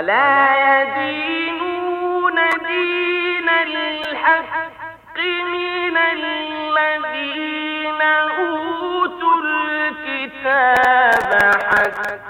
ولا يدينون دين الحق من الذين أوتوا الكتاب حتى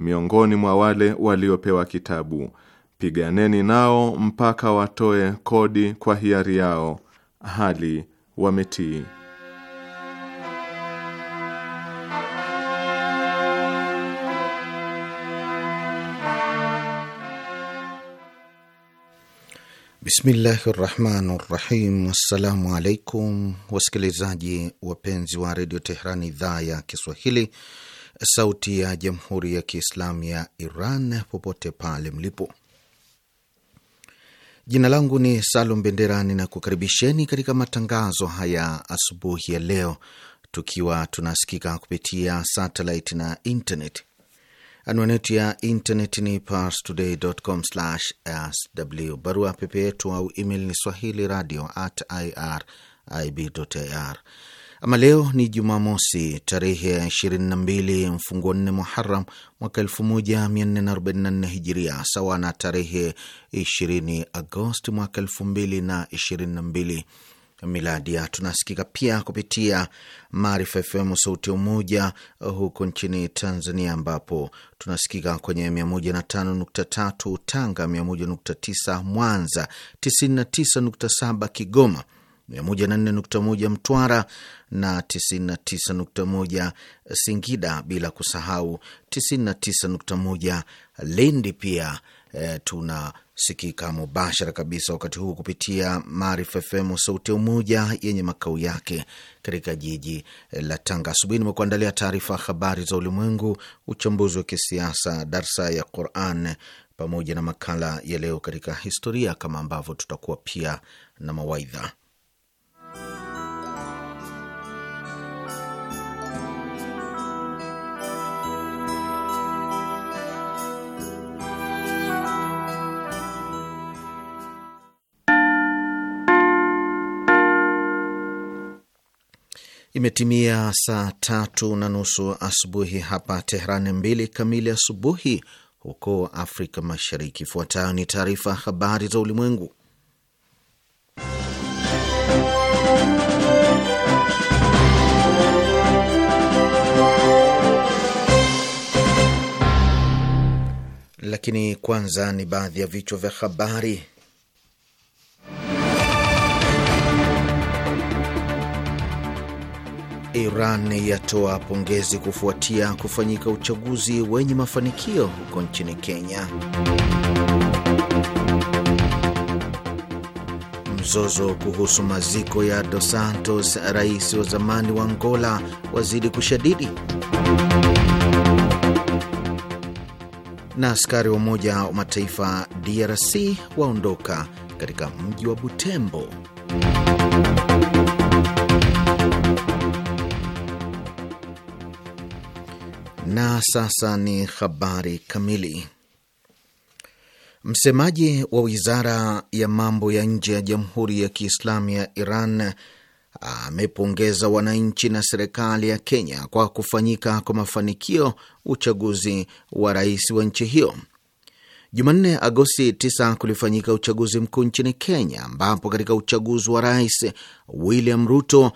miongoni mwa wale waliopewa kitabu, piganeni nao mpaka watoe kodi kwa hiari yao, hali wametii. Bismillahi rahmani rahim. Wassalamu alaikum wasikilizaji wapenzi wa redio Teherani, idhaa ya Kiswahili, sauti ya jamhuri ya kiislamu ya Iran popote pale mlipo. Jina langu ni Salum Bendera, ninakukaribisheni katika matangazo haya asubuhi ya leo, tukiwa tunasikika kupitia satellite na internet. Anwani yetu ya internet ni parstoday.com/sw. Barua pepe yetu au email ni swahili radio at irib.ir ama leo ni Jumamosi tarehe ya 22 mfunguo 4 Muharam mwaka 1444 Hijiria, sawa na tarehe 20 Agosti mwaka 2022 miladia. Tunasikika pia kupitia Maarifa FM sauti ya Umoja huko nchini Tanzania, ambapo tunasikika kwenye 105.3 Tanga, 101.9 Mwanza, 99.7 Kigoma 104.1 Mtwara na 99.1 Singida, bila kusahau 99.1 Lindi. Pia e, tunasikika mubashara kabisa wakati huu kupitia Maarifa FM sauti ya Umoja yenye makao yake katika jiji e, la Tanga. Asubuhi nimekuandalia taarifa habari za ulimwengu, uchambuzi wa kisiasa, darsa ya Quran pamoja na makala ya leo katika historia, kama ambavyo tutakuwa pia na mawaidha Imetimia saa tatu na nusu asubuhi hapa Tehrani, mbili kamili asubuhi huko Afrika Mashariki. Ifuatayo ni taarifa habari za ulimwengu, lakini kwanza ni baadhi ya vichwa vya habari. Iran yatoa pongezi kufuatia kufanyika uchaguzi wenye mafanikio huko nchini Kenya. Mzozo kuhusu maziko ya Dos Santos, rais wa zamani wa Angola, wazidi kushadidi na askari wa Umoja wa Mataifa DRC waondoka katika mji wa Butembo. Na sasa ni habari kamili. Msemaji wa wizara ya mambo ya nje ya Jamhuri ya Kiislamu ya Iran amepongeza wananchi na serikali ya Kenya kwa kufanyika kwa mafanikio uchaguzi wa rais wa nchi hiyo. Jumanne, Agosti 9 kulifanyika uchaguzi mkuu nchini Kenya, ambapo katika uchaguzi wa rais William Ruto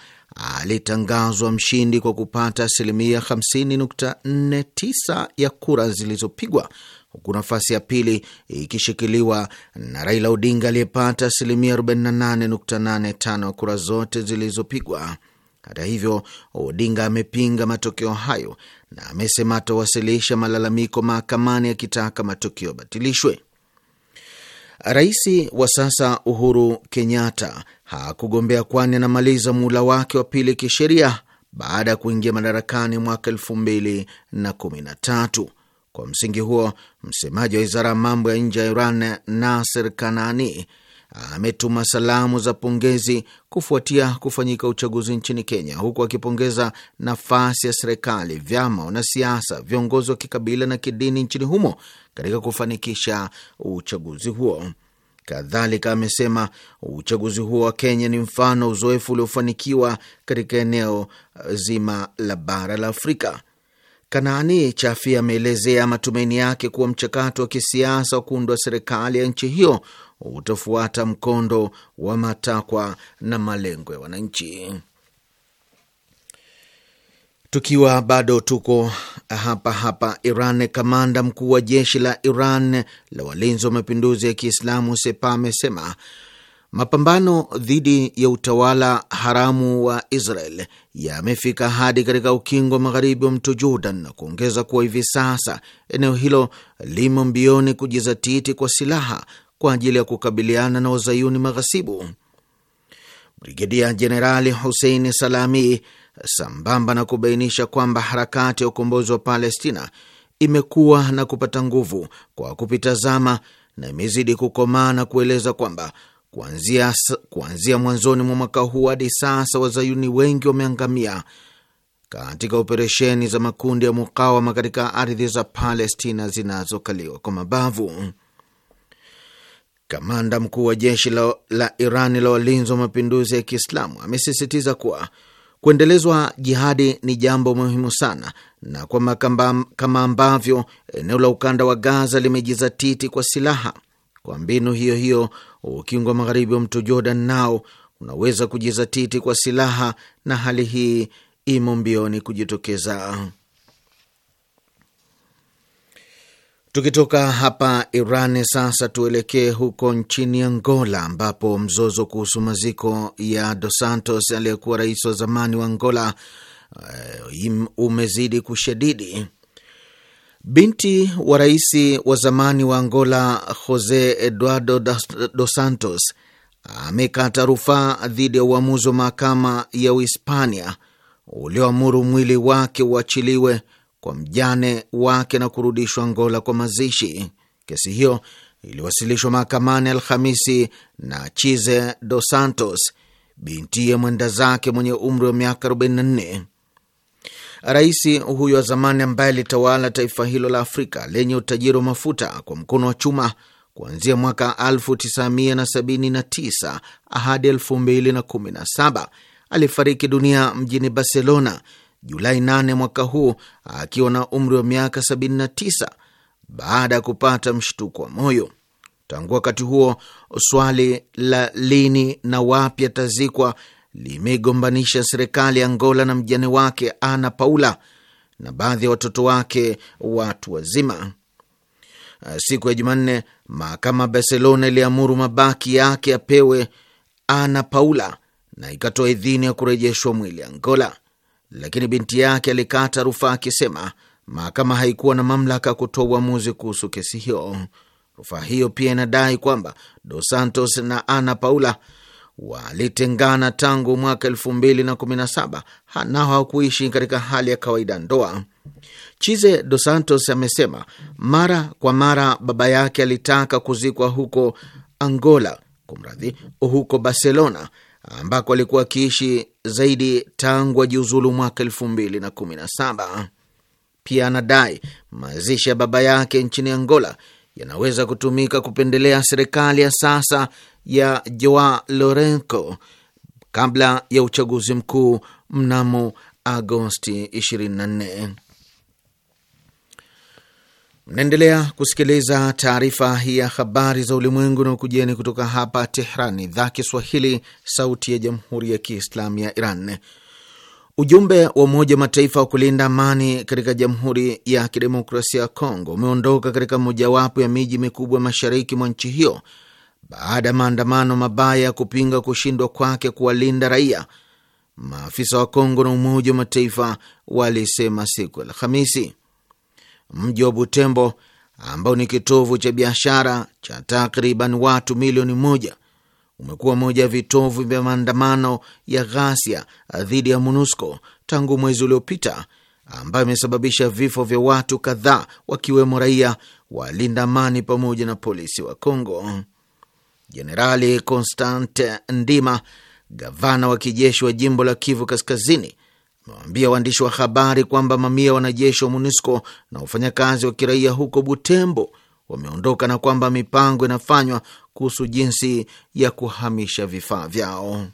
alitangazwa mshindi kwa kupata asilimia 50.49 ya kura zilizopigwa huku nafasi ya pili ikishikiliwa na Raila Odinga aliyepata asilimia 48.85 kura zote zilizopigwa. Hata hivyo, Odinga amepinga matokeo hayo na amesema atawasilisha malalamiko mahakamani akitaka matokeo yabatilishwe. Rais wa sasa Uhuru Kenyatta hakugombea kwani anamaliza muhula wake wa pili kisheria baada ya kuingia madarakani mwaka elfu mbili na kumi na tatu. Kwa msingi huo, msemaji wa wizara ya mambo ya nje ya Iran Naser Kanani ametuma salamu za pongezi kufuatia kufanyika uchaguzi nchini Kenya, huku akipongeza nafasi ya serikali, vyama, wanasiasa, viongozi wa kikabila na kidini nchini humo katika kufanikisha uchaguzi huo. Kadhalika amesema uchaguzi huo wa Kenya ni mfano uzoefu uliofanikiwa katika eneo zima la bara la Afrika. Kanaani Chafi ameelezea matumaini yake kuwa mchakato wa kisiasa wa kuundwa serikali ya nchi hiyo utafuata mkondo wa matakwa na malengo ya wananchi. Tukiwa bado tuko hapa hapa Iran, kamanda mkuu wa jeshi la Iran la walinzi wa mapinduzi ya Kiislamu Sepa amesema Mapambano dhidi ya utawala haramu wa Israel yamefika hadi katika ukingo wa magharibi wa mto Jordan na kuongeza kuwa hivi sasa eneo hilo limo mbioni kujizatiti kwa silaha kwa ajili ya kukabiliana na wazayuni maghasibu. Brigedia Jenerali husein Salami, sambamba na kubainisha kwamba harakati ya ukombozi wa Palestina imekuwa na kupata nguvu kwa kupitazama na imezidi kukomaa na kueleza kwamba Kuanzia, kuanzia mwanzoni mwa mwaka huu hadi sasa wazayuni wengi wameangamia katika operesheni za makundi ya mukawama katika ardhi za Palestina zinazokaliwa kwa mabavu. Kamanda mkuu wa jeshi la, la Irani la walinzi wa mapinduzi ya Kiislamu amesisitiza kuwa kuendelezwa jihadi ni jambo muhimu sana, na kwamba kama ambavyo eneo la ukanda wa Gaza limejizatiti kwa silaha, kwa mbinu hiyo hiyo Ukingo wa magharibi wa mto Jordan nao unaweza kujizatiti kwa silaha, na hali hii imo mbioni kujitokeza. Tukitoka hapa Iran sasa tuelekee huko nchini Angola, ambapo mzozo kuhusu maziko ya Dos Santos aliyekuwa rais wa zamani wa Angola eh, umezidi kushadidi. Binti wa rais wa zamani wa Angola Jose Eduardo dos Santos amekata rufaa dhidi ya uamuzi wa mahakama ya Uhispania ulioamuru mwili wake uachiliwe kwa mjane wake na kurudishwa Angola kwa mazishi. Kesi hiyo iliwasilishwa mahakamani Alhamisi na Chize dos Santos, bintiye mwenda zake mwenye umri wa miaka 44. Rais huyo wa zamani ambaye alitawala taifa hilo la Afrika lenye utajiri wa mafuta kwa mkono wa chuma kuanzia mwaka 1979 hadi 2017 alifariki dunia mjini Barcelona Julai 8 mwaka huu akiwa na umri wa miaka 79 baada ya kupata mshtuko wa moyo. Tangu wakati huo swali la lini na wapi atazikwa limegombanisha serikali ya Angola na mjane wake Ana Paula na baadhi ya watoto wake watu wazima. Eh, siku ya Jumanne, mahakama Barcelona iliamuru mabaki yake apewe Ana Paula na ikatoa idhini ya kurejeshwa mwili Angola, lakini binti yake alikata rufaa akisema mahakama haikuwa na mamlaka ya kutoa uamuzi kuhusu kesi hiyo. Rufaa hiyo pia inadai kwamba Dos Santos na Ana Paula walitengana tangu mwaka elfu mbili na kumi na saba nao hawakuishi katika hali ya kawaida ndoa. Chize Dos Santos amesema mara kwa mara baba yake alitaka kuzikwa huko Angola, kumradhi, huko Barcelona ambako alikuwa akiishi zaidi tangu ajiuzulu mwaka elfu mbili na kumi na saba. Pia anadai mazishi ya baba yake nchini Angola yanaweza kutumika kupendelea serikali ya sasa ya Joao Lourenco kabla ya uchaguzi mkuu mnamo Agosti 24. Mnaendelea kusikiliza taarifa hii ya habari za ulimwengu na ukujeni kutoka hapa tehran idhaa Kiswahili, sauti ya jamhuri ya kiislamu ya Iran. Ujumbe wa Umoja wa Mataifa wa kulinda amani katika Jamhuri ya Kidemokrasia ya Kongo umeondoka katika mojawapo ya miji mikubwa mashariki mwa nchi hiyo baada ya maandamano mabaya ya kupinga kushindwa kwake kuwalinda raia, maafisa wa Kongo na Umoja wa Mataifa walisema siku ya Alhamisi. Mji wa Butembo ambao ni kitovu cha biashara cha takriban watu milioni moja umekuwa moja ya vitovu vya maandamano ya ghasia dhidi ya MONUSCO tangu mwezi uliopita, ambayo imesababisha vifo vya watu kadhaa, wakiwemo raia, walinda amani pamoja na polisi wa congo Jenerali Constant Ndima, gavana wa kijeshi wa jimbo la Kivu Kaskazini, amewaambia waandishi wa habari kwamba mamia wanajeshi wa MONUSCO na wafanyakazi wa kiraia huko Butembo wameondoka na kwamba mipango inafanywa kuhusu jinsi ya kuhamisha vifaa vyao.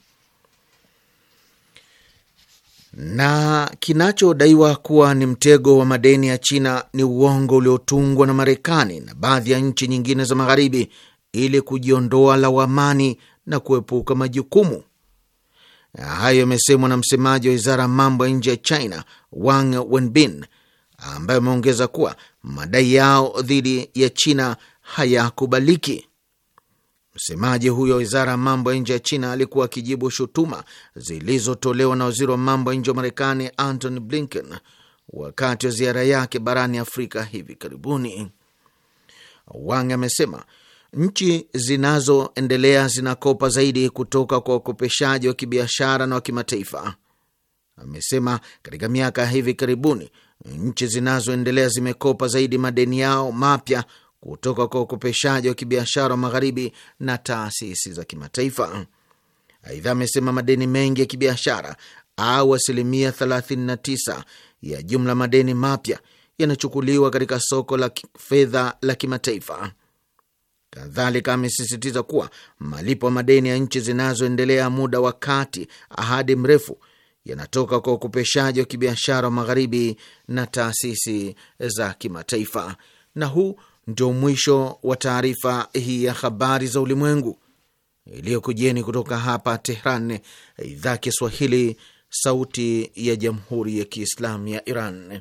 Na kinachodaiwa kuwa ni mtego wa madeni ya China ni uongo uliotungwa na Marekani na baadhi ya nchi nyingine za Magharibi ili kujiondoa lawamani na kuepuka majukumu. Hayo yamesemwa na msemaji wa wizara ya mambo ya nje ya China, Wang Wenbin, ambaye ameongeza kuwa madai yao dhidi ya China hayakubaliki. Msemaji huyo wizara ya mambo ya nje ya China alikuwa akijibu shutuma zilizotolewa na waziri wa mambo ya nje wa Marekani Antony Blinken wakati wa ziara yake barani Afrika hivi karibuni. Wang amesema nchi zinazoendelea zinakopa zaidi kutoka kwa wakopeshaji wa kibiashara na wa kimataifa. Amesema katika miaka hivi karibuni nchi zinazoendelea zimekopa zaidi madeni yao mapya kutoka kwa ukopeshaji wa kibiashara wa magharibi na taasisi za kimataifa. Aidha, amesema madeni mengi ya kibiashara au asilimia 39 ya jumla madeni mapya yanachukuliwa katika soko la fedha la kimataifa. Kadhalika amesisitiza kuwa malipo ya madeni ya nchi zinazoendelea muda wa kati ahadi mrefu yanatoka kwa ukopeshaji wa kibiashara wa magharibi na taasisi za kimataifa. Na huu ndio mwisho wa taarifa hii ya habari za ulimwengu iliyokujeni kutoka hapa Tehran, idhaa Kiswahili, sauti ya jamhuri ya kiislamu ya Iran.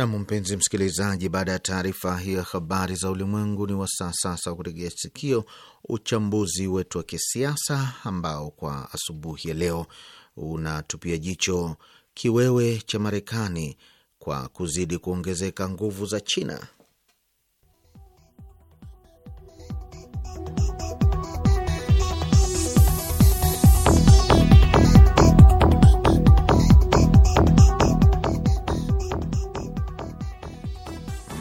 Nam, mpenzi msikilizaji, baada ya taarifa hiyo ya habari za ulimwengu, ni wasaa sasa wa kutegea sikio uchambuzi wetu wa kisiasa ambao kwa asubuhi ya leo unatupia jicho kiwewe cha Marekani kwa kuzidi kuongezeka nguvu za China.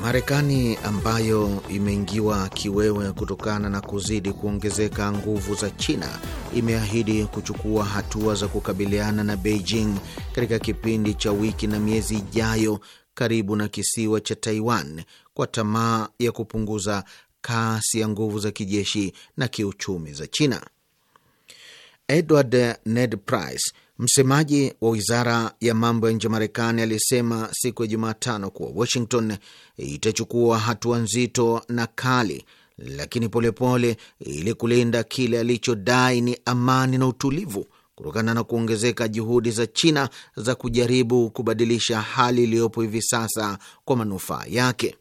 Marekani ambayo imeingiwa kiwewe kutokana na kuzidi kuongezeka nguvu za China imeahidi kuchukua hatua za kukabiliana na Beijing katika kipindi cha wiki na miezi ijayo karibu na kisiwa cha Taiwan kwa tamaa ya kupunguza kasi ya nguvu za kijeshi na kiuchumi za China. Edward Ned Price Msemaji wa wizara ya mambo ya nje ya Marekani alisema siku ya Jumatano kuwa Washington itachukua hatua nzito na kali lakini polepole pole, ili kulinda kile alichodai ni amani na utulivu kutokana na kuongezeka juhudi za China za kujaribu kubadilisha hali iliyopo hivi sasa kwa manufaa yake.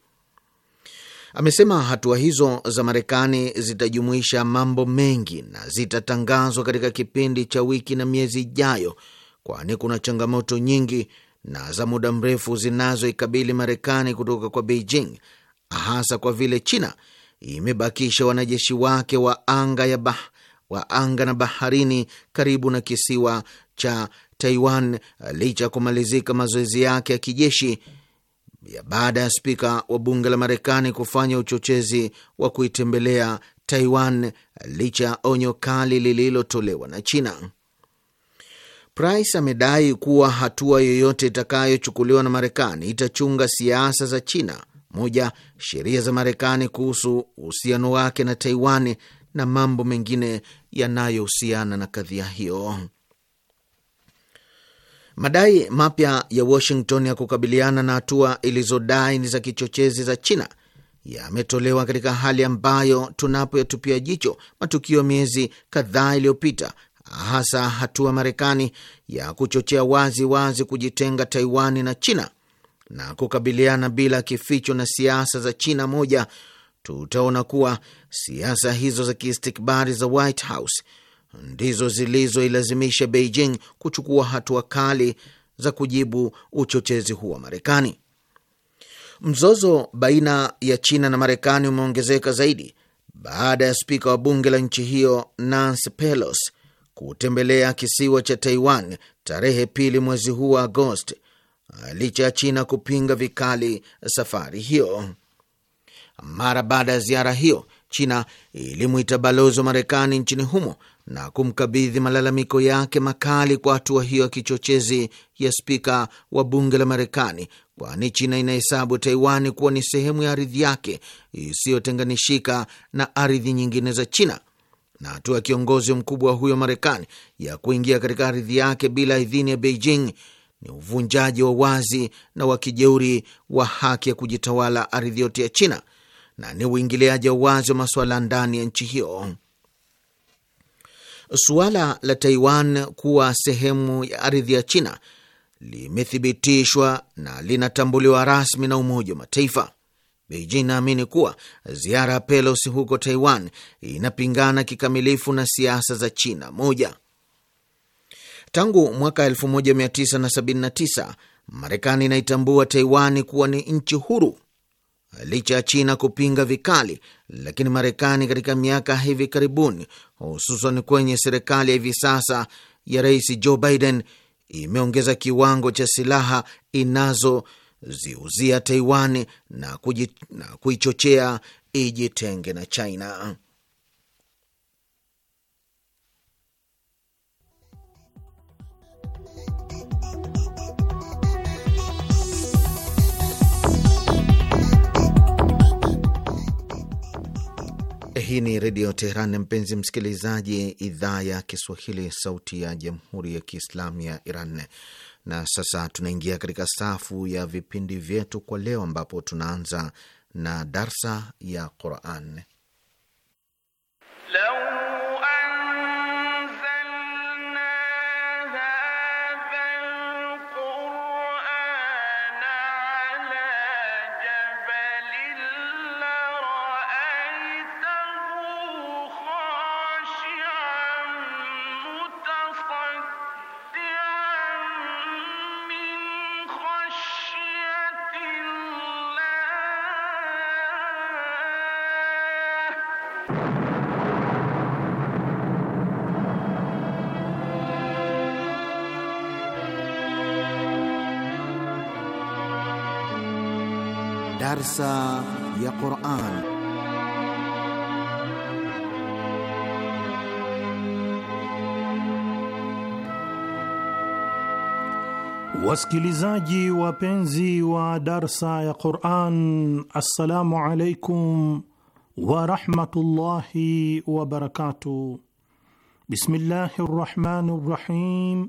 Amesema hatua hizo za Marekani zitajumuisha mambo mengi na zitatangazwa katika kipindi cha wiki na miezi ijayo, kwani kuna changamoto nyingi na za muda mrefu zinazoikabili Marekani kutoka kwa Beijing, hasa kwa vile China imebakisha wanajeshi wake wa anga ya bah, wa anga na baharini karibu na kisiwa cha Taiwan licha ya kumalizika mazoezi yake ya kijeshi ya baada ya spika wa bunge la Marekani kufanya uchochezi wa kuitembelea Taiwan licha ya onyo kali lililotolewa na China. Price amedai kuwa hatua yoyote itakayochukuliwa na Marekani itachunga siasa za China, moja, sheria za Marekani kuhusu uhusiano wake na Taiwan na mambo mengine yanayohusiana na kadhia hiyo. Madai mapya ya Washington ya kukabiliana na hatua ilizodai ni za kichochezi za China yametolewa katika hali ambayo tunapoyatupia jicho matukio miezi kadhaa iliyopita, hasa hatua Marekani ya kuchochea wazi wazi kujitenga Taiwani na China na kukabiliana bila kificho na siasa za China moja, tutaona kuwa siasa hizo za kiistikbari za White House ndizo zilizoilazimisha Beijing kuchukua hatua kali za kujibu uchochezi huo wa Marekani. Mzozo baina ya China na Marekani umeongezeka zaidi baada ya spika wa bunge la nchi hiyo Nancy Pelosi kutembelea kisiwa cha Taiwan tarehe pili mwezi huu wa Agosti, licha ya China kupinga vikali safari hiyo. Mara baada ya ziara hiyo, China ilimwita balozi wa Marekani nchini humo na kumkabidhi malalamiko yake makali kwa hatua hiyo ya kichochezi ya spika wa bunge la Marekani, kwani China inahesabu Taiwani kuwa ni sehemu ya ardhi yake isiyotenganishika na ardhi nyingine za China, na hatua ya kiongozi mkubwa huyo Marekani ya kuingia katika ardhi yake bila idhini ya Beijing ni uvunjaji wa wazi na wa kijeuri wa haki ya kujitawala ardhi yote ya China na ni uingiliaji wa wazi wa masuala ndani ya nchi hiyo suala la Taiwan kuwa sehemu ya ardhi ya China limethibitishwa na linatambuliwa rasmi na Umoja wa Mataifa. Beijing naamini kuwa ziara ya Pelosi huko Taiwan inapingana kikamilifu na siasa za China moja. Tangu mwaka 1979 Marekani inaitambua Taiwan kuwa ni nchi huru Licha ya China kupinga vikali, lakini Marekani katika miaka hivi karibuni, hususan kwenye serikali ya hivi sasa ya Rais Joe Biden, imeongeza kiwango cha silaha inazoziuzia Taiwan na, na kuichochea ijitenge na China. Hii ni Redio Teheran, mpenzi msikilizaji, idhaa ya Kiswahili, sauti ya jamhuri ya kiislamu ya Iran. Na sasa tunaingia katika safu ya vipindi vyetu kwa leo, ambapo tunaanza na darsa ya Quran. ساعة يا قرآن Wasikilizaji wapenzi wa darsa ya Quran, assalamu alaikum wa wabarakatuh. Bismillahi rrahmani rahim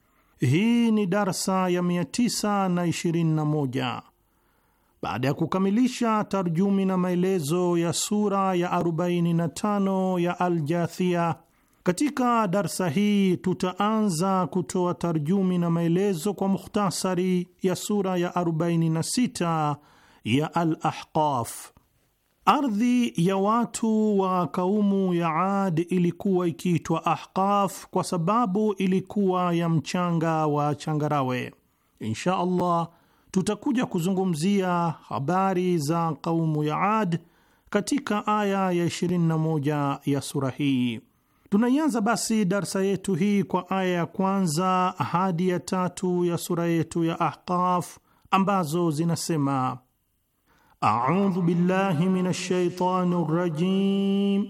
Hii ni darsa ya 921 baada ya kukamilisha tarjumi na maelezo ya sura ya 45 ya Aljathia. Katika darsa hii tutaanza kutoa tarjumi na maelezo kwa mukhtasari ya sura ya 46 ya Al Ahqaf. Ardhi ya watu wa kaumu ya Ad ilikuwa ikiitwa Ahqaf kwa sababu ilikuwa ya mchanga wa changarawe. Insha Allah tutakuja kuzungumzia habari za kaumu ya Ad katika aya ya 21 ya sura hii. Tunaianza basi darsa yetu hii kwa aya ya kwanza hadi ya tatu ya sura yetu ya Ahqaf ambazo zinasema: أعوذ بالله من الشيطان الرجيم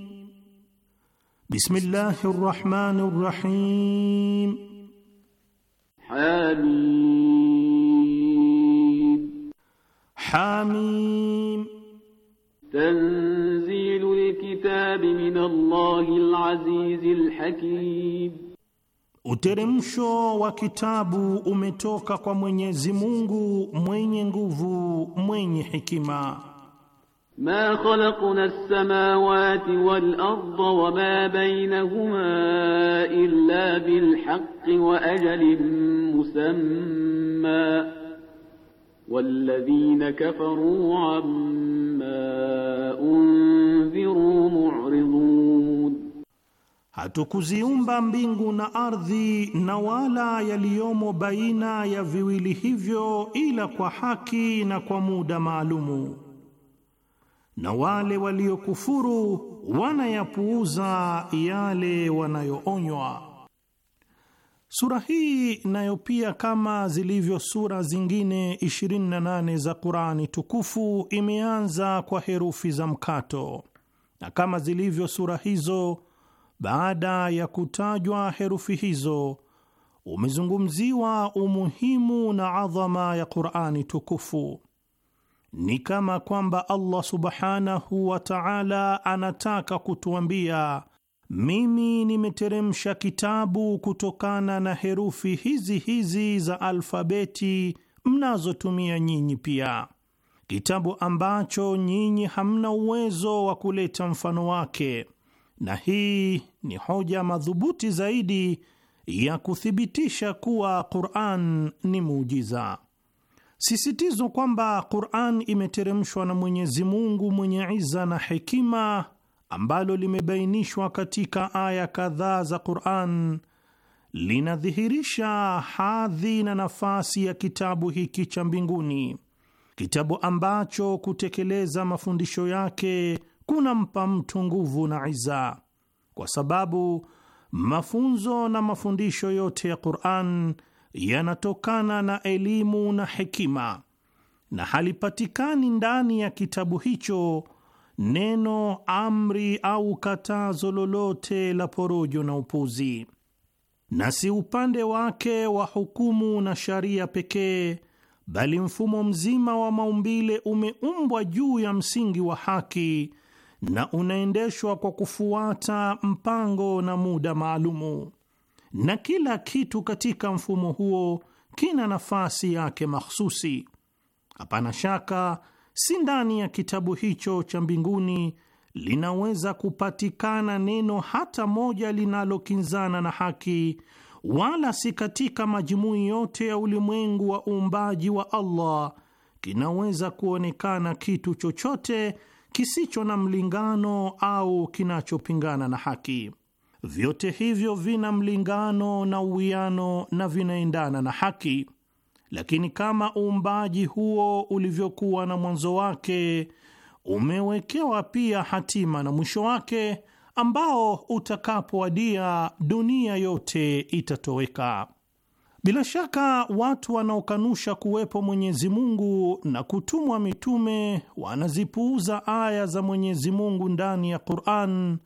بسم الله الرحمن الرحيم حميم حميم تنزيل الكتاب من الله العزيز الحكيم Uteremsho wa kitabu umetoka kwa Mwenyezi Mungu mwenye nguvu mwenye hikima. Ma khalaqna as-samawati wal-ardha wama bainahuma illa bil-haqqi wa ajalin musamma walladhina kafaru amma unziru Hatukuziumba mbingu na ardhi na wala yaliyomo baina ya viwili hivyo ila kwa haki na kwa muda maalumu, na wale waliokufuru wanayapuuza yale wanayoonywa. Sura hii nayo pia, kama zilivyo sura zingine 28 za Qur'ani tukufu, imeanza kwa herufi za mkato, na kama zilivyo sura hizo baada ya kutajwa herufi hizo umezungumziwa umuhimu na adhama ya Qur'ani tukufu. Ni kama kwamba Allah subhanahu wa ta'ala anataka kutuambia, mimi nimeteremsha kitabu kutokana na herufi hizi hizi za alfabeti mnazotumia nyinyi pia, kitabu ambacho nyinyi hamna uwezo wa kuleta mfano wake na hii ni hoja madhubuti zaidi ya kuthibitisha kuwa Qur'an ni muujiza. Sisitizo kwamba Qur'an imeteremshwa na Mwenyezi Mungu mwenye iza na hekima, ambalo limebainishwa katika aya kadhaa za Qur'an, linadhihirisha hadhi na nafasi ya kitabu hiki cha mbinguni, kitabu ambacho kutekeleza mafundisho yake kunampa mtu nguvu na iza, kwa sababu mafunzo na mafundisho yote ya Qur'an yanatokana na elimu na hekima, na halipatikani ndani ya kitabu hicho neno amri au katazo lolote la porojo na upuzi, na si upande wake wa hukumu na sharia pekee, bali mfumo mzima wa maumbile umeumbwa juu ya msingi wa haki na unaendeshwa kwa kufuata mpango na muda maalumu, na kila kitu katika mfumo huo kina nafasi yake mahsusi. Hapana shaka si ndani ya kitabu hicho cha mbinguni linaweza kupatikana neno hata moja linalokinzana na haki, wala si katika majumui yote ya ulimwengu wa uumbaji wa Allah kinaweza kuonekana kitu chochote kisicho na mlingano au kinachopingana na haki. Vyote hivyo vina mlingano na uwiano na vinaendana na haki, lakini kama uumbaji huo ulivyokuwa na mwanzo wake umewekewa pia hatima na mwisho wake ambao utakapowadia dunia yote itatoweka. Bila shaka watu wanaokanusha kuwepo Mwenyezi Mungu na kutumwa mitume wanazipuuza aya za Mwenyezi Mungu ndani ya Qur'an,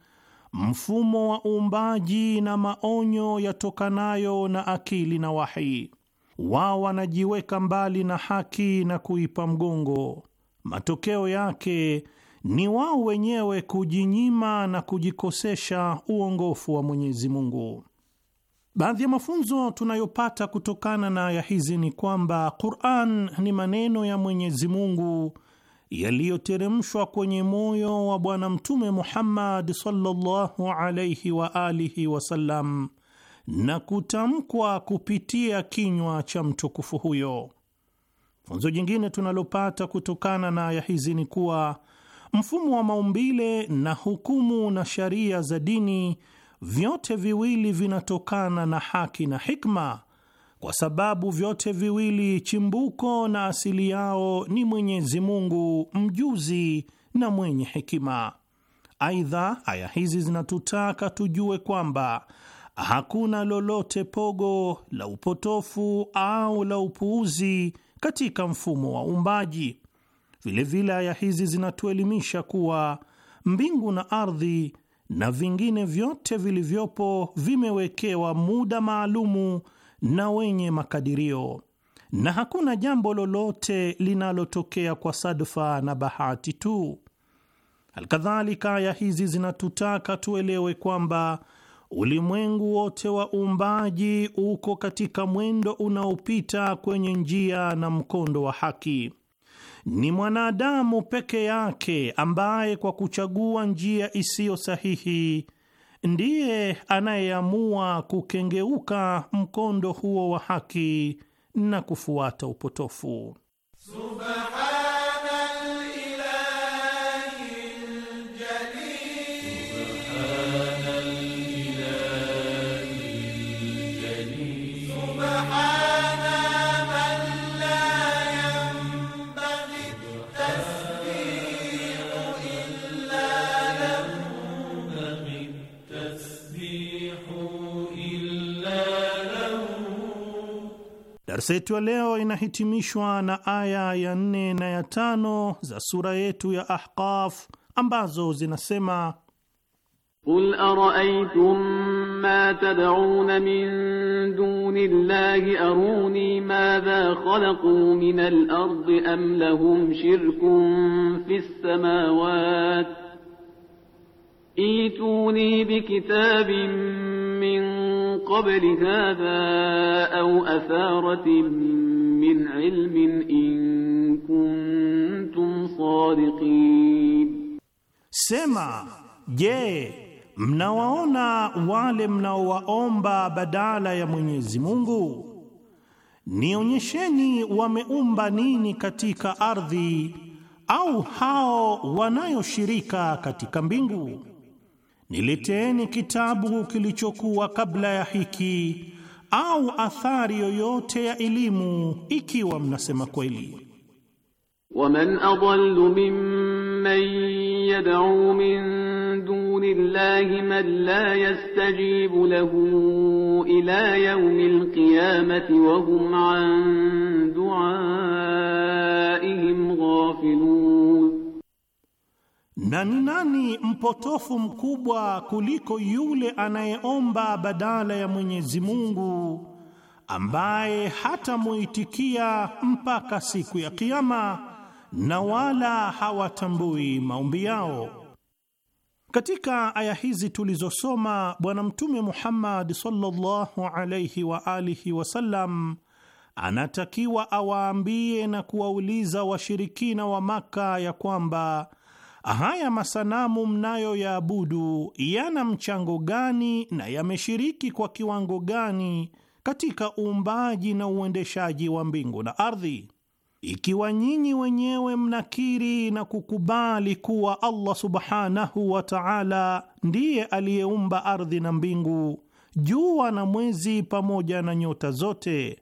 mfumo wa uumbaji na maonyo yatokanayo na akili na wahi. Wao wanajiweka mbali na haki na kuipa mgongo. Matokeo yake ni wao wenyewe kujinyima na kujikosesha uongofu wa Mwenyezi Mungu. Baadhi ya mafunzo tunayopata kutokana na aya hizi ni kwamba Quran ni maneno ya Mwenyezi Mungu yaliyoteremshwa kwenye moyo wa Bwana Mtume Muhammad sallallahu alayhi wa alihi wasallam na kutamkwa kupitia kinywa cha mtukufu huyo. Funzo jingine tunalopata kutokana na aya hizi ni kuwa mfumo wa maumbile na hukumu na sharia za dini vyote viwili vinatokana na haki na hikma, kwa sababu vyote viwili chimbuko na asili yao ni Mwenyezi Mungu mjuzi na mwenye hekima. Aidha, aya hizi zinatutaka tujue kwamba hakuna lolote pogo la upotofu au la upuuzi katika mfumo wa uumbaji. Vilevile aya hizi zinatuelimisha kuwa mbingu na ardhi na vingine vyote vilivyopo vimewekewa muda maalumu na wenye makadirio, na hakuna jambo lolote linalotokea kwa sadfa na bahati tu. Alkadhalika, aya hizi zinatutaka tuelewe kwamba ulimwengu wote wa uumbaji uko katika mwendo unaopita kwenye njia na mkondo wa haki. Ni mwanadamu peke yake ambaye kwa kuchagua njia isiyo sahihi ndiye anayeamua kukengeuka mkondo huo wa haki na kufuata upotofu Subhan Darsa yetu ya leo inahitimishwa na aya ya nne na ya tano za sura yetu ya Ahqaf ambazo zinasema: Qul ara'aytum ma tad'un min duni llahi aruni madha khalaqu min al-ardi am lahum shirkun fi as samawati ituni bikitabi min قبل هذا أو أثارة من علم إن كنتم صادقين Sema, je, mnawaona wale mnaowaomba badala ya Mwenyezi Mungu? Nionyesheni wameumba nini katika ardhi au hao wanayoshirika katika mbingu? nileteni kitabu kilichokuwa kabla ya hiki au athari yoyote ya elimu ikiwa mnasema kweli. waman adallu mimman yad'u min duni llahi man la yastajibu lahu ila yawmil qiyamati wa hum an du'aihim ghafilun Na ni nani mpotofu mkubwa kuliko yule anayeomba badala ya Mwenyezi Mungu ambaye hatamuitikia mpaka siku ya Kiyama na wala hawatambui maombi yao. Katika aya hizi tulizosoma, Bwana Mtume Muhammad sallallahu alayhi wa alihi wasallam anatakiwa awaambie na kuwauliza washirikina wa Maka ya kwamba haya masanamu mnayoyaabudu yana mchango gani na yameshiriki kwa kiwango gani katika uumbaji na uendeshaji wa mbingu na ardhi? Ikiwa nyinyi wenyewe mnakiri na kukubali kuwa Allah subhanahu wa ta'ala ndiye aliyeumba ardhi na mbingu, jua na mwezi, pamoja na nyota zote,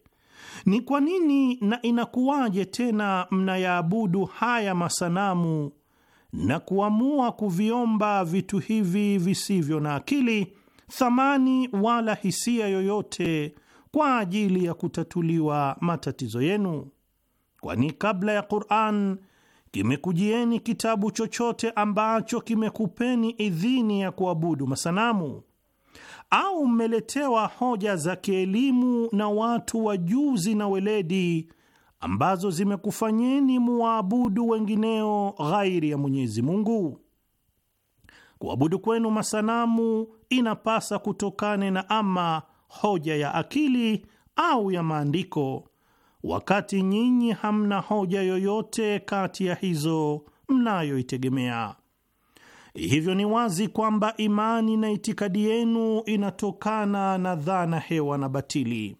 ni kwa nini na inakuwaje tena mnayaabudu haya masanamu na kuamua kuviomba vitu hivi visivyo na akili thamani wala hisia yoyote kwa ajili ya kutatuliwa matatizo yenu? Kwani kabla ya Qur'an kimekujieni kitabu chochote ambacho kimekupeni idhini ya kuabudu masanamu? Au mmeletewa hoja za kielimu na watu wajuzi na weledi ambazo zimekufanyeni muwaabudu wengineo ghairi ya Mwenyezi Mungu? Kuabudu kwenu masanamu inapasa kutokane na ama hoja ya akili au ya maandiko, wakati nyinyi hamna hoja yoyote kati ya hizo mnayoitegemea. Hivyo ni wazi kwamba imani na itikadi yenu inatokana na dhana hewa na batili.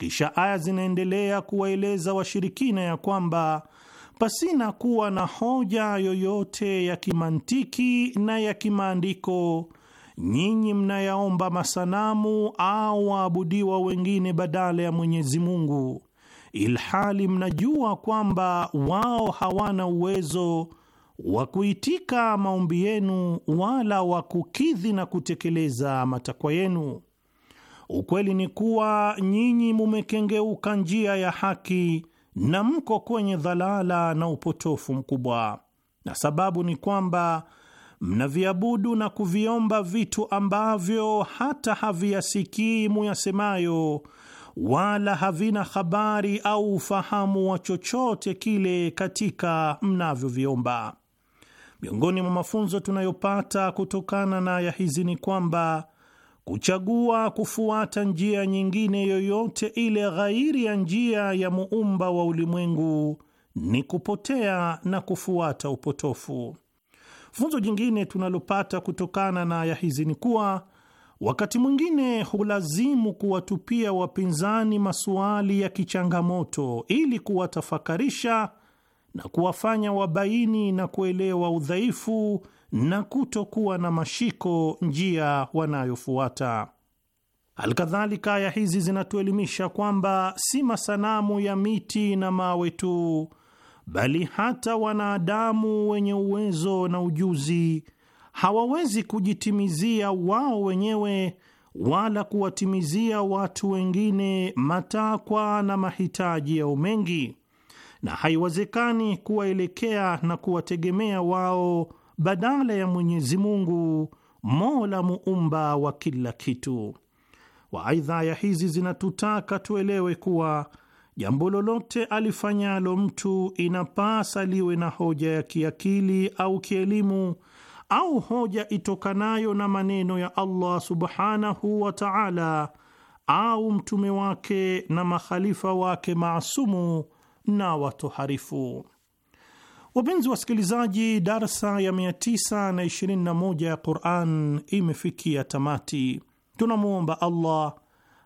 Kisha aya zinaendelea kuwaeleza washirikina ya kwamba pasina kuwa na hoja yoyote ya kimantiki na ya kimaandiko, nyinyi mnayaomba masanamu au waabudiwa wengine badala ya Mwenyezi Mungu, ilhali mnajua kwamba wao hawana uwezo wa kuitika maombi yenu wala wa kukidhi na kutekeleza matakwa yenu. Ukweli ni kuwa nyinyi mumekengeuka njia ya haki na mko kwenye dhalala na upotofu mkubwa, na sababu ni kwamba mnaviabudu na kuviomba vitu ambavyo hata haviyasikii muyasemayo, wala havina habari au ufahamu wa chochote kile katika mnavyoviomba. Miongoni mwa mafunzo tunayopata kutokana na aya hizi ni kwamba kuchagua kufuata njia nyingine yoyote ile ghairi ya njia ya muumba wa ulimwengu ni kupotea na kufuata upotofu. Funzo jingine tunalopata kutokana na aya hizi ni kuwa wakati mwingine hulazimu kuwatupia wapinzani masuali ya kichangamoto ili kuwatafakarisha na kuwafanya wabaini na kuelewa udhaifu na kutokuwa na mashiko njia wanayofuata. Alkadhalika, aya hizi zinatuelimisha kwamba si masanamu ya miti na mawe tu, bali hata wanadamu wenye uwezo na ujuzi hawawezi kujitimizia wao wenyewe wala kuwatimizia watu wengine matakwa na mahitaji yao mengi, na haiwezekani kuwaelekea na kuwategemea wao badala ya Mwenyezi Mungu, mola muumba wa kila kitu. Waidha, ya hizi zinatutaka tuelewe kuwa jambo lolote alifanyalo mtu inapasa liwe na hoja ya kiakili au kielimu au hoja itokanayo na maneno ya Allah subhanahu wa ta'ala au mtume wake na makhalifa wake maasumu na watoharifu. Wapenzi wasikilizaji, darsa ya 921 ya Quran imefikia tamati. Tunamwomba Allah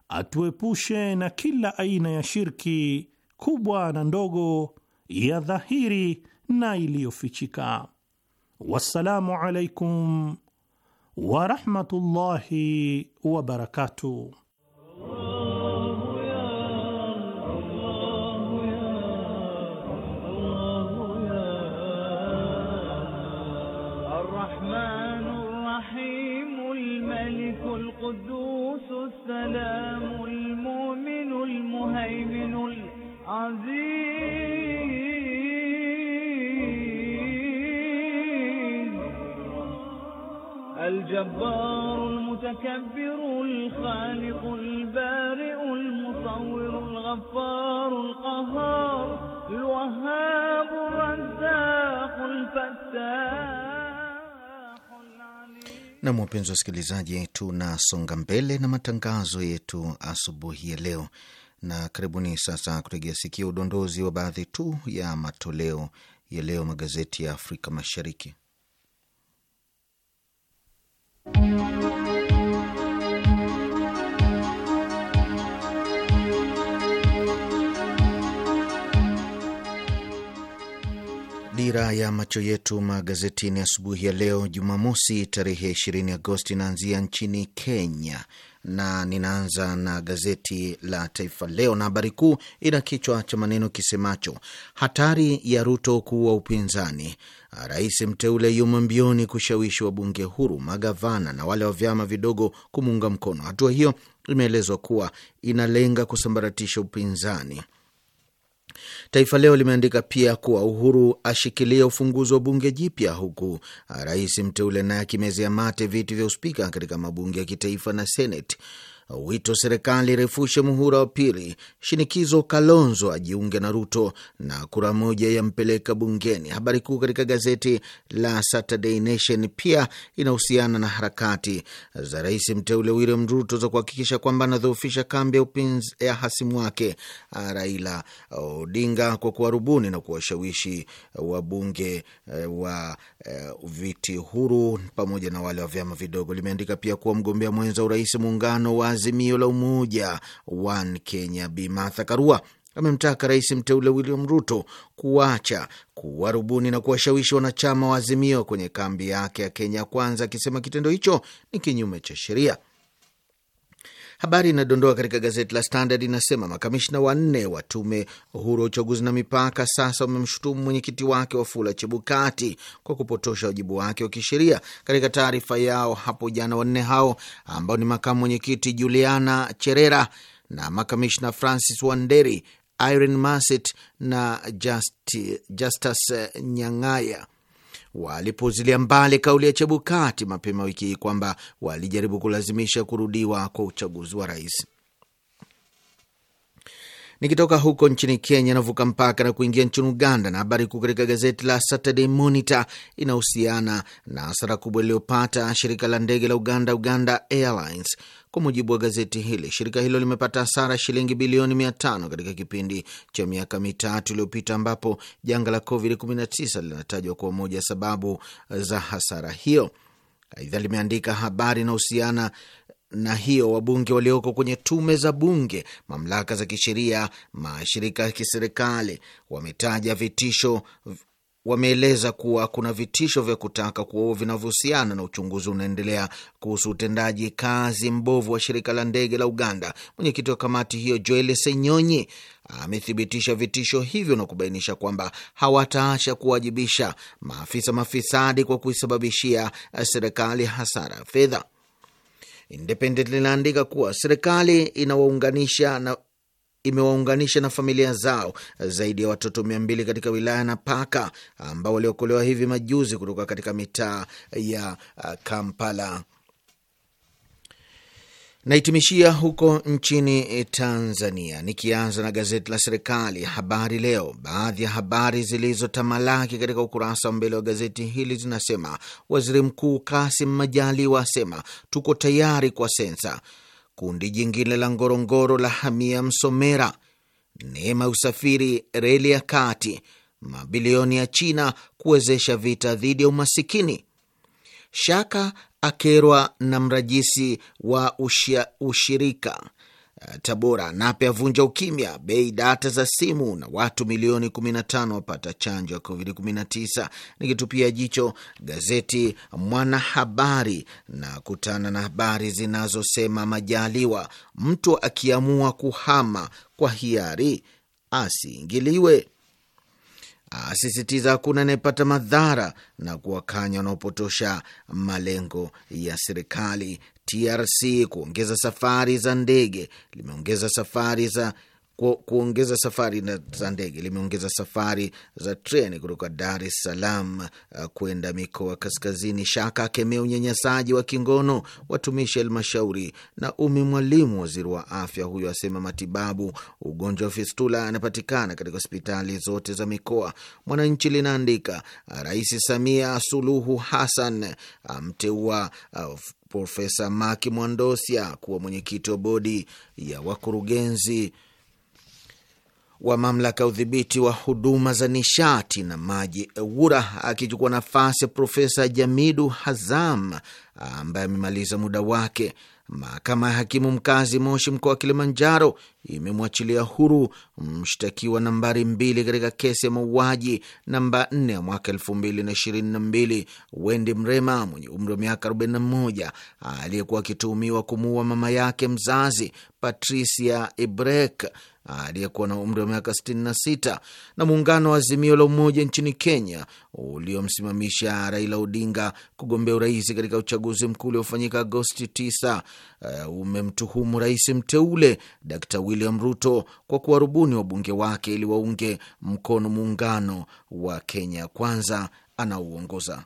atuepushe na kila aina ya shirki kubwa na ndogo, ya dhahiri na iliyofichika. Wassalamu alaikum warahmatullahi wabarakatuh. الجبار المتكبر الخالق البارئ المصور الغفار القهار الوهاب الرزاق الفتاح Nam, wapenzi wa wasikilizaji, tunasonga mbele na matangazo yetu asubuhi ya leo na karibuni sasa kutegea sikia udondozi wa baadhi tu ya matoleo ya leo magazeti ya Afrika Mashariki. Dira ya macho yetu magazetini asubuhi ya leo Jumamosi tarehe 20 Agosti inaanzia nchini Kenya na ninaanza na gazeti la Taifa Leo na habari kuu ina kichwa cha maneno kisemacho hatari ya Ruto kuwa upinzani. Rais mteule yumo mbioni kushawishi wabunge huru, magavana na wale wa vyama vidogo kumuunga mkono. Hatua hiyo imeelezwa kuwa inalenga kusambaratisha upinzani Taifa Leo limeandika pia kuwa Uhuru ashikilia ufunguzi wa bunge jipya, huku rais mteule naye akimezea mate viti vya uspika katika mabunge ya kitaifa na Seneti wito serikali refushe muhura wa pili, shinikizo Kalonzo ajiunge na Ruto, na kura moja yampeleka bungeni. Habari kuu katika gazeti la Saturday Nation pia inahusiana na harakati za rais mteule William Ruto za kuhakikisha kwamba anadhoofisha kambi ya upinzani ya hasimu wake Raila Odinga kwa kuwarubuni na kuwashawishi wabunge wa e, e, viti huru pamoja na wale wa vyama vidogo. Limeandika pia kuwa mgombea mwenza urais muungano wa Azimio la Umoja One Kenya Bi Martha Karua amemtaka rais mteule William Ruto kuacha kuwarubuni na kuwashawishi wanachama wa Azimio kwenye kambi yake ya Kenya Kwanza, akisema kitendo hicho ni kinyume cha sheria. Habari inadondoa katika gazeti la Standard inasema makamishna wanne wa tume huru ya uchaguzi na mipaka sasa wamemshutumu mwenyekiti wake Wafula Chebukati kwa kupotosha wajibu wake wa kisheria. Katika taarifa yao hapo jana, wanne hao ambao ni makamu mwenyekiti Juliana Cherera na makamishna Francis Wanderi, Irene Masit na justas Nyang'aya walipuzilia mbali kauli ya Chebukati mapema wiki hii kwamba walijaribu kulazimisha kurudiwa kwa uchaguzi wa rais. Nikitoka huko nchini Kenya, navuka mpaka na kuingia nchini Uganda, na habari kuu katika gazeti la Saturday Monitor inahusiana na hasara kubwa iliyopata shirika la ndege la Uganda, Uganda Airlines. Kwa mujibu wa gazeti hili, shirika hilo limepata hasara shilingi bilioni mia tano katika kipindi cha miaka mitatu iliyopita, ambapo janga la COVID-19 linatajwa kuwa moja sababu za hasara hiyo. Aidha limeandika habari inahusiana na hiyo wabunge walioko kwenye tume za bunge, mamlaka za kisheria, mashirika ya kiserikali wametaja vitisho, wameeleza kuwa kuna vitisho vya kutaka kuwaua vinavyohusiana na uchunguzi unaendelea kuhusu utendaji kazi mbovu wa shirika la ndege la Uganda. Mwenyekiti wa kamati hiyo Joel Senyonyi amethibitisha vitisho hivyo na kubainisha kwamba hawataacha kuwajibisha maafisa mafisadi kwa kuisababishia serikali hasara ya fedha. Independent linaandika kuwa serikali inawaunganisha na imewaunganisha na familia zao zaidi ya watoto mia mbili katika wilaya na paka ambao waliokolewa hivi majuzi kutoka katika mitaa ya uh, Kampala. Naitimishia huko nchini e, Tanzania, nikianza na gazeti la serikali Habari Leo. Baadhi ya habari zilizotamalaki katika ukurasa wa mbele wa gazeti hili zinasema: Waziri Mkuu Kasim Majaliwa asema tuko tayari kwa sensa. Kundi jingine la Ngorongoro la hamia Msomera. Neema ya usafiri reli ya kati. Mabilioni ya China kuwezesha vita dhidi ya umasikini. Shaka akerwa na mrajisi wa ushia, ushirika eh, Tabora. Nape avunja ukimya bei data za simu, na watu milioni 15 wapata chanjo ya COVID-19. Nikitupia jicho gazeti Mwanahabari na kutana na habari zinazosema Majaliwa, mtu akiamua kuhama kwa hiari asiingiliwe asisitiza hakuna anayepata madhara na kuwakanya wanaopotosha malengo ya serikali. TRC kuongeza safari za ndege, limeongeza safari za kuongeza safari za ndege limeongeza safari za treni kutoka Dar es Salaam uh, kwenda mikoa kaskazini. Shaka akemea unyanyasaji wa kingono watumishi halmashauri. Na Umi Mwalimu, waziri wa afya huyo, asema matibabu ugonjwa wa fistula anapatikana katika hospitali zote za mikoa. Mwananchi linaandika Rais Samia Suluhu Hassan amteua uh, Profesa Maki Mwandosia kuwa mwenyekiti wa bodi ya wakurugenzi wa mamlaka ya udhibiti wa huduma za nishati na maji EWURA akichukua nafasi ya Profesa Jamidu Hazam ambaye amemaliza muda wake. Mahakama ya hakimu mkazi Moshi, mkoa wa Kilimanjaro, imemwachilia huru mshtakiwa nambari mbili katika kesi ya mauaji namba nne ya mwaka elfu mbili na ishirini na mbili Wendi Mrema mwenye umri wa miaka 41 aliyekuwa akituhumiwa kumuua mama yake mzazi Patricia Ibrek aliyekuwa na umri wa miaka 66 na muungano wa Azimio la Umoja nchini Kenya uliomsimamisha Raila Odinga kugombea urais katika uchaguzi mkuu uliofanyika Agosti 9 eh, umemtuhumu rais mteule Dr. William Ruto kwa kuwarubuni wabunge wake ili waunge mkono muungano wa Kenya Kwanza anaouongoza.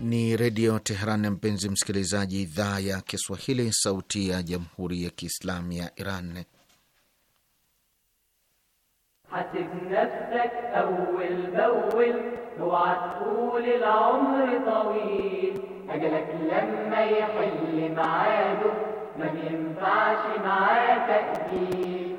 Ni Redio Teheran, mpenzi msikilizaji, idhaa ya Kiswahili, sauti ya Jamhuri ya Kiislamu ya Iran. حاسب نفسك أول بأول اوعى تقول العمر طويل أجلك لما يحل ميعاده ما ينفعش معاه تأجيل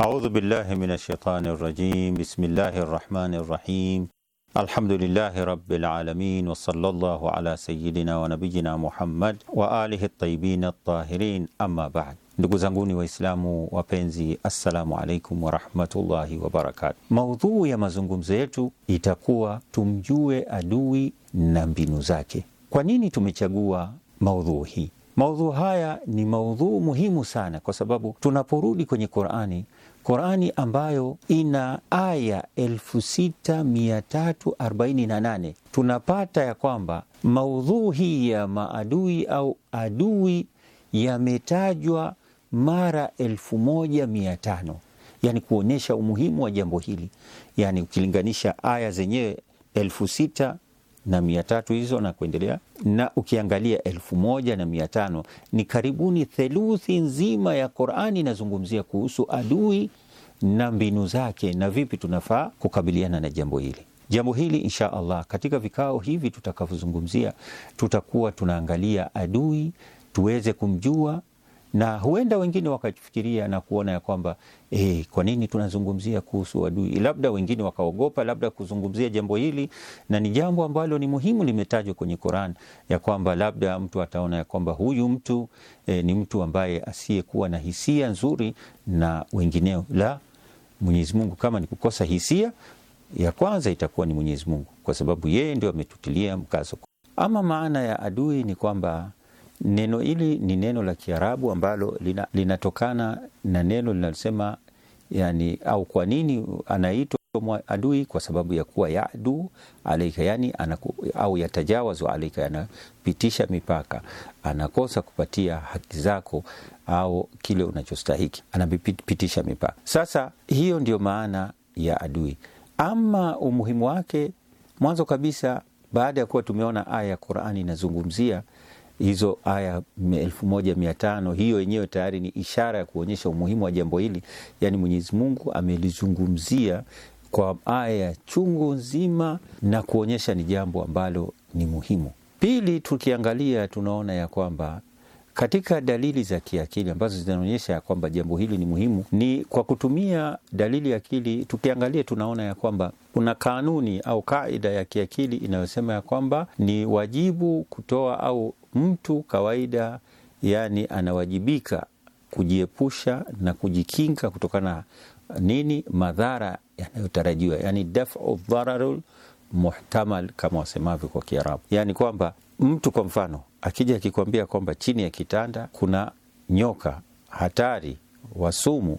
أعوذ بالله من الشيطان الرجيم بسم الله الرحمن الرحيم الحمد لله رب العالمين وصلى الله على سيدنا ونبينا محمد وآله الطيبين الطاهرين أما بعد Ndugu zanguni Waislamu wapenzi, assalamu alaikum warahmatullahi wabarakatu. Maudhuu ya mazungumzo yetu itakuwa tumjue adui na mbinu zake. Kwa nini tumechagua maudhuu hii? Maudhuu haya ni maudhuu muhimu sana, kwa sababu tunaporudi kwenye Qurani, Qurani ambayo ina aya 6348 tunapata ya kwamba maudhuu hii ya maadui au adui yametajwa mara elfu moja mia tano yani kuonyesha umuhimu wa jambo hili, yani ukilinganisha aya zenyewe elfu sita na mia tatu hizo na kuendelea, na ukiangalia elfu moja na mia tano ni karibuni theluthi nzima ya Qurani inazungumzia kuhusu adui na mbinu zake na vipi tunafaa kukabiliana na jambo hili. Jambo hili insha Allah, katika vikao hivi tutakavyozungumzia, tutakuwa tunaangalia adui tuweze kumjua na huenda wengine wakafikiria na kuona ya kwamba eh, kwa nini tunazungumzia kuhusu adui? Labda wengine wakaogopa labda kuzungumzia jambo hili, na ni jambo ambalo ni muhimu, limetajwa kwenye Qur'an ya kwamba labda mtu ataona ya kwamba huyu mtu eh, ni mtu ambaye asiyekuwa na hisia nzuri na wengineo. La, Mwenyezi Mungu kama ni kukosa hisia ya kwanza itakuwa ni Mwenyezi Mungu, kwa sababu yeye ndio ametutilia mkazo. Ama maana ya adui ni kwamba Neno hili ni neno la Kiarabu ambalo lina, linatokana na neno linalosema yani, au kwa nini anaitwa adui? Kwa sababu ya kuwa yadu alaika, yani anaku, au yatajawazwa alaika, anapitisha mipaka, anakosa kupatia haki zako au kile unachostahiki, anapitisha mipaka. Sasa hiyo ndio maana ya adui. Ama umuhimu wake, mwanzo kabisa, baada ya kuwa tumeona aya ya Qurani inazungumzia hizo aya elfu moja mia tano hiyo yenyewe tayari ni ishara ya kuonyesha umuhimu wa jambo hili. yani Mwenyezi Mungu amelizungumzia kwa aya ya chungu nzima na kuonyesha ni jambo ambalo ni muhimu. Pili, tukiangalia tunaona ya kwamba katika dalili za kiakili ambazo zinaonyesha ya kwamba jambo hili ni muhimu ni kwa kutumia dalili ya akili. Tukiangalia tunaona ya kwamba kuna kanuni au kaida ya kiakili inayosema ya kwamba ni wajibu kutoa au mtu kawaida, yani anawajibika kujiepusha na kujikinga kutokana nini madhara yanayotarajiwa, yani dafu dhararul muhtamal kama wasemavyo kwa Kiarabu, yani kwamba mtu kwa mfano akija akikwambia kwamba chini ya kitanda kuna nyoka hatari wasumu,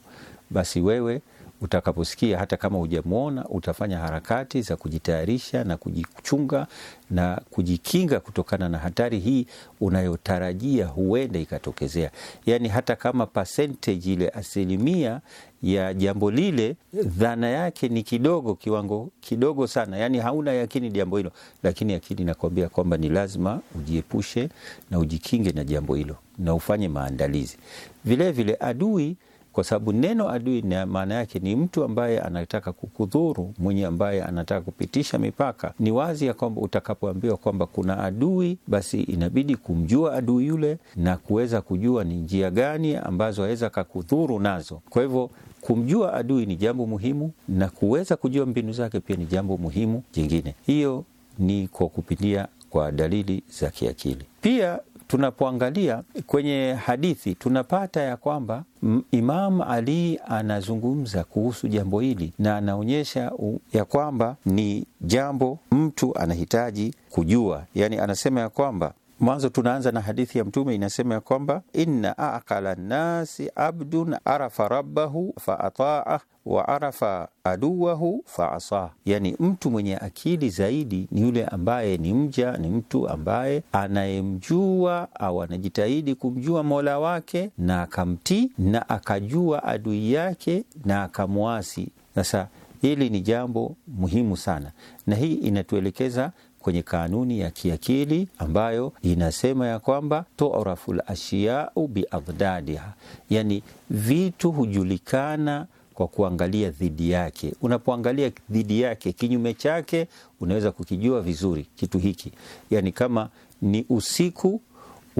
basi wewe utakaposikia hata kama hujamwona utafanya harakati za kujitayarisha na kujichunga na kujikinga kutokana na hatari hii unayotarajia huenda ikatokezea. Yaani hata kama percentage ile asilimia ya jambo lile dhana yake ni kidogo, kiwango kidogo sana, yaani hauna yakini jambo hilo, lakini akili inakwambia kwamba ni lazima ujiepushe na ujikinge na jambo hilo na ufanye maandalizi vilevile vile, adui kwa sababu neno adui na maana yake ni mtu ambaye anataka kukudhuru, mwenye ambaye anataka kupitisha mipaka. Ni wazi ya kwamba utakapoambiwa kwamba kuna adui, basi inabidi kumjua adui yule na kuweza kujua ni njia gani ambazo aweza kakudhuru nazo. Kwa hivyo kumjua adui ni jambo muhimu, na kuweza kujua mbinu zake pia ni jambo muhimu jingine. Hiyo ni kwa kupitia kwa dalili za kiakili pia tunapoangalia kwenye hadithi tunapata ya kwamba Imam Ali anazungumza kuhusu jambo hili na anaonyesha ya kwamba ni jambo mtu anahitaji kujua, yaani anasema ya kwamba Mwanzo tunaanza na hadithi ya Mtume inasema ya kwamba inna aqala nnasi abdun arafa rabbahu fa ataa wa arafa aduwahu fa asa yani mtu mwenye akili zaidi ni yule ambaye ni mja, ni mtu ambaye anayemjua au anajitahidi kumjua mola wake na akamtii na akajua adui yake na akamwasi. Sasa hili ni jambo muhimu sana, na hii inatuelekeza kwenye kanuni ya kiakili ambayo inasema ya kwamba turafu lashiyau biadadiha, yani vitu hujulikana kwa kuangalia dhidi yake. Unapoangalia dhidi yake, kinyume chake, unaweza kukijua vizuri kitu hiki. Yani kama ni usiku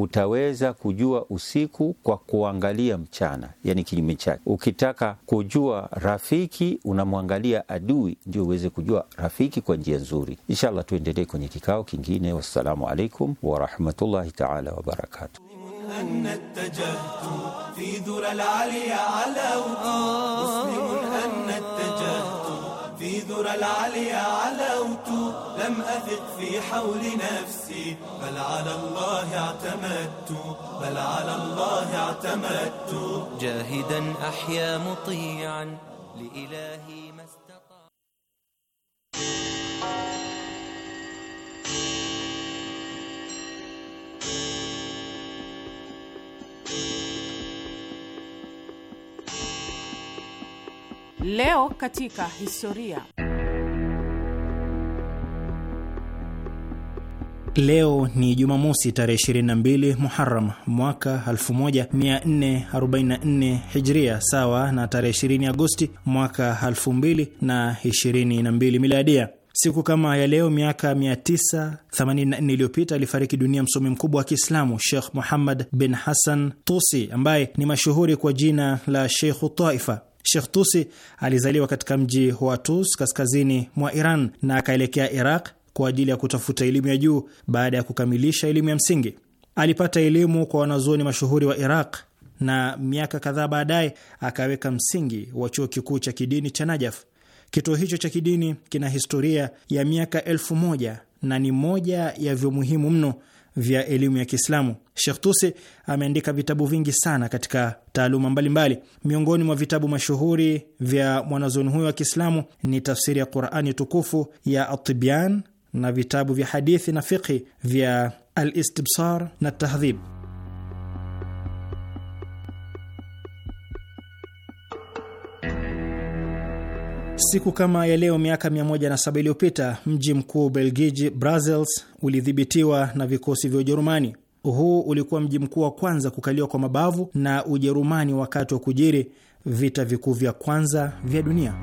utaweza kujua usiku kwa kuangalia mchana, yani kinyume chake. Ukitaka kujua rafiki unamwangalia adui, ndio uweze kujua rafiki kwa njia nzuri. Inshallah, tuendelee kwenye kikao kingine. Wassalamu alaikum warahmatullahi taala wabarakatuh. ذرى العلي علوت لم أثق في حول نفسي بل على الله اعتمدت بل على الله اعتمدت جاهدا أحيا مطيعا لإلهي ما Leo katika historia. Leo ni Jumamosi tarehe 22 muharam mwaka 1444 Hijria, sawa na tarehe 20 Agosti mwaka 2022 Miladia. Siku kama ya leo miaka 984 iliyopita alifariki dunia msomi mkubwa wa Kiislamu Sheikh Muhammad bin Hassan Tusi ambaye ni mashuhuri kwa jina la Sheikhu Taifa. Sheikh Tusi alizaliwa katika mji wa Tus kaskazini mwa Iran na akaelekea Iraq kwa ajili ya kutafuta elimu ya juu. Baada ya kukamilisha elimu ya msingi, alipata elimu kwa wanazuoni mashuhuri wa Iraq na miaka kadhaa baadaye akaweka msingi wa chuo kikuu cha kidini cha Najaf. Kituo hicho cha kidini kina historia ya miaka elfu moja na ni moja ya vyomuhimu muhimu mno vya elimu ya Kiislamu. Sheikh Tusi ameandika vitabu vingi sana katika taaluma mbalimbali. Miongoni mwa vitabu mashuhuri vya mwanazoni huyo wa Kiislamu ni tafsiri ya Qurani tukufu ya Atibyan na vitabu vya hadithi na fiqhi vya Alistibsar na Tahdhib. Siku kama ya leo miaka 107 iliyopita mji mkuu belgiji Ubelgiji, Brussels, ulidhibitiwa na vikosi vya Ujerumani. Huu ulikuwa mji mkuu wa kwanza kukaliwa kwa mabavu na Ujerumani wakati wa kujiri vita vikuu vya kwanza vya dunia.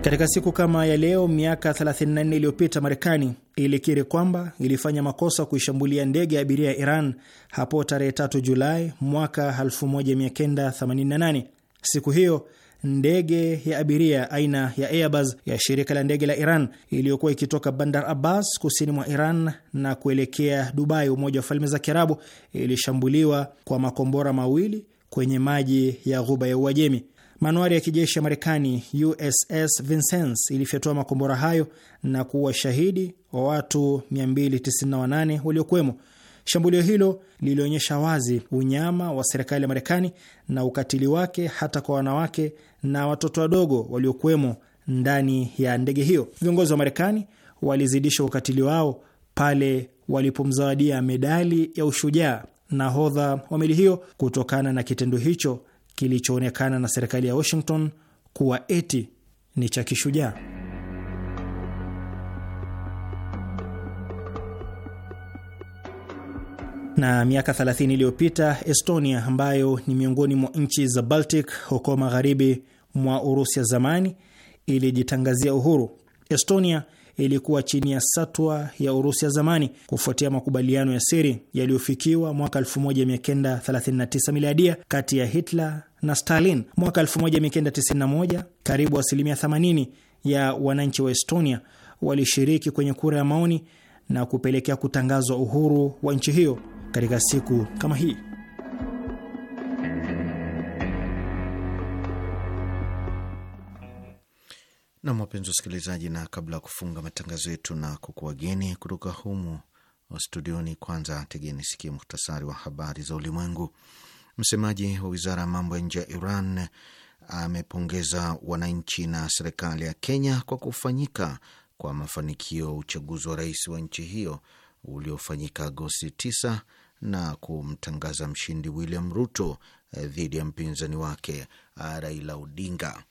Katika siku kama ya leo miaka 34 iliyopita Marekani ilikiri kwamba ilifanya makosa kuishambulia ndege ya abiria ya Iran hapo tarehe 3 Julai mwaka 1988. Siku hiyo ndege ya abiria aina ya Airbus ya shirika la ndege la Iran iliyokuwa ikitoka Bandar Abbas kusini mwa Iran na kuelekea Dubai, Umoja wa Falme za Kiarabu, ilishambuliwa kwa makombora mawili kwenye maji ya Ghuba ya Uajemi. Manuari ya kijeshi ya Marekani USS Vincennes ilifyatua makombora hayo na kuwa shahidi wa watu 298 waliokuwemo. Shambulio hilo lilionyesha wazi unyama wa serikali ya Marekani na ukatili wake hata kwa wanawake na watoto wadogo waliokuwemo ndani ya ndege hiyo. Viongozi wa Marekani walizidisha ukatili wao pale walipomzawadia medali ya ushujaa nahodha wa meli hiyo kutokana na kitendo hicho kilichoonekana na serikali ya Washington kuwa eti ni cha kishujaa. Na miaka 30 iliyopita, Estonia ambayo ni miongoni mwa nchi za Baltic huko magharibi mwa Urusi ya zamani ilijitangazia uhuru. Estonia ilikuwa chini ya satwa ya Urusi ya zamani kufuatia makubaliano ya siri yaliyofikiwa mwaka 1939 miliadia kati ya Hitler na Stalin. Mwaka 1991 karibu asilimia 80 ya wananchi wa Estonia walishiriki kwenye kura ya maoni na kupelekea kutangazwa uhuru wa nchi hiyo katika siku kama hii. na wapenzi wasikilizaji, na kabla ya kufunga matangazo yetu na kukuwageni kutoka humu studioni, kwanza tegeni sikia muhtasari wa habari za ulimwengu. Msemaji wa wizara ya mambo ya nje ya Iran amepongeza wananchi na serikali ya Kenya kwa kufanyika kwa mafanikio ya uchaguzi wa rais wa nchi hiyo uliofanyika Agosti 9 na kumtangaza mshindi William Ruto dhidi ya mpinzani wake Raila Odinga.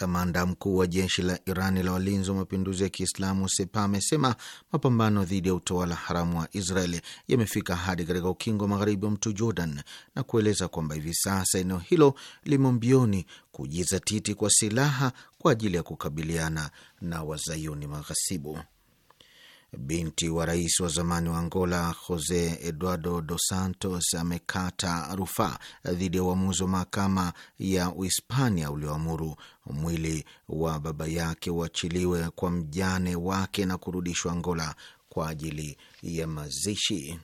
Kamanda mkuu wa jeshi la Irani la walinzi wa mapinduzi ya Kiislamu Sepa amesema mapambano dhidi ya utawala haramu wa israel yamefika hadi katika ukingo wa magharibi wa mto Jordan na kueleza kwamba hivi sasa eneo hilo limo mbioni kujizatiti kwa silaha kwa ajili ya kukabiliana na wazayuni maghasibu binti wa rais wa zamani wa Angola Jose Eduardo Dos Santos amekata rufaa dhidi ya uamuzi wa mahakama ya Uhispania ulioamuru mwili wa baba yake uachiliwe kwa mjane wake na kurudishwa Angola kwa ajili ya mazishi.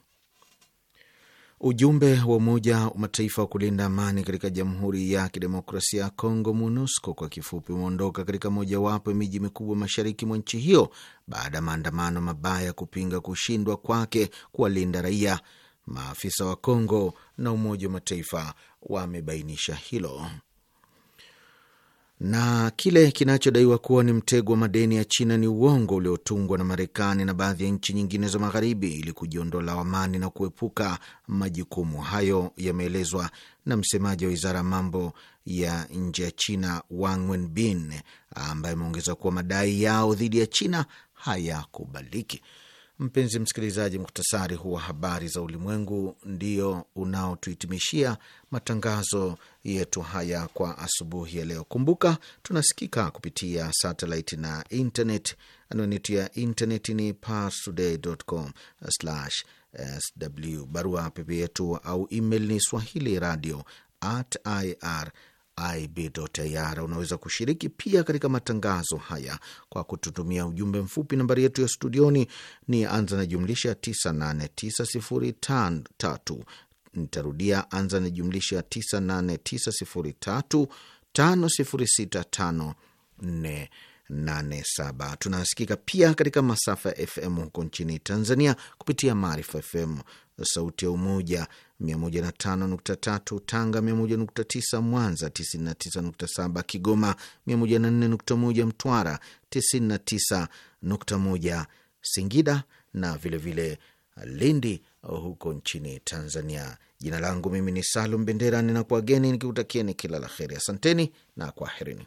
Ujumbe wa Umoja wa Mataifa wa kulinda amani katika Jamhuri ya Kidemokrasia ya Kongo, MONUSCO kwa kifupi, umeondoka katika mojawapo ya miji mikubwa mashariki mwa nchi hiyo baada ya maandamano mabaya kupinga kushindwa kwake kuwalinda raia. Maafisa wa Kongo na Umoja wa Mataifa wamebainisha hilo na kile kinachodaiwa kuwa ni mtego wa madeni ya China ni uongo uliotungwa na Marekani na baadhi ya nchi nyingine za Magharibi ili kujiondola amani na kuepuka majukumu hayo, yameelezwa na msemaji wa wizara ya mambo ya nje ya China Wang Wenbin, ambaye ameongeza kuwa madai yao dhidi ya China hayakubaliki. Mpenzi msikilizaji, muktasari huu wa habari za ulimwengu ndio unaotuhitimishia matangazo yetu haya kwa asubuhi ya leo. Kumbuka tunasikika kupitia satellite na internet. Anwani yetu ya internet ni parstoday.com/sw. Barua pepe yetu au email ni swahili radio at ir IB.ir. Unaweza kushiriki pia katika matangazo haya kwa kututumia ujumbe mfupi. Nambari yetu ya studioni ni anza na jumlisha 989035, nitarudia anza na jumlisha 9890350654 Tunasikika pia katika masafa ya FM huko nchini Tanzania kupitia Maarifa FM Sauti ya Umoja 105.3 Tanga, 101.9 Mwanza, 99.7 Kigoma, 104.1 Mtwara, 99.1 Singida na vilevile vile Lindi huko nchini Tanzania. Jina langu mimi ni Salum Bendera, ninakuwageni nikikutakieni kila la heri. Asanteni na kwaherini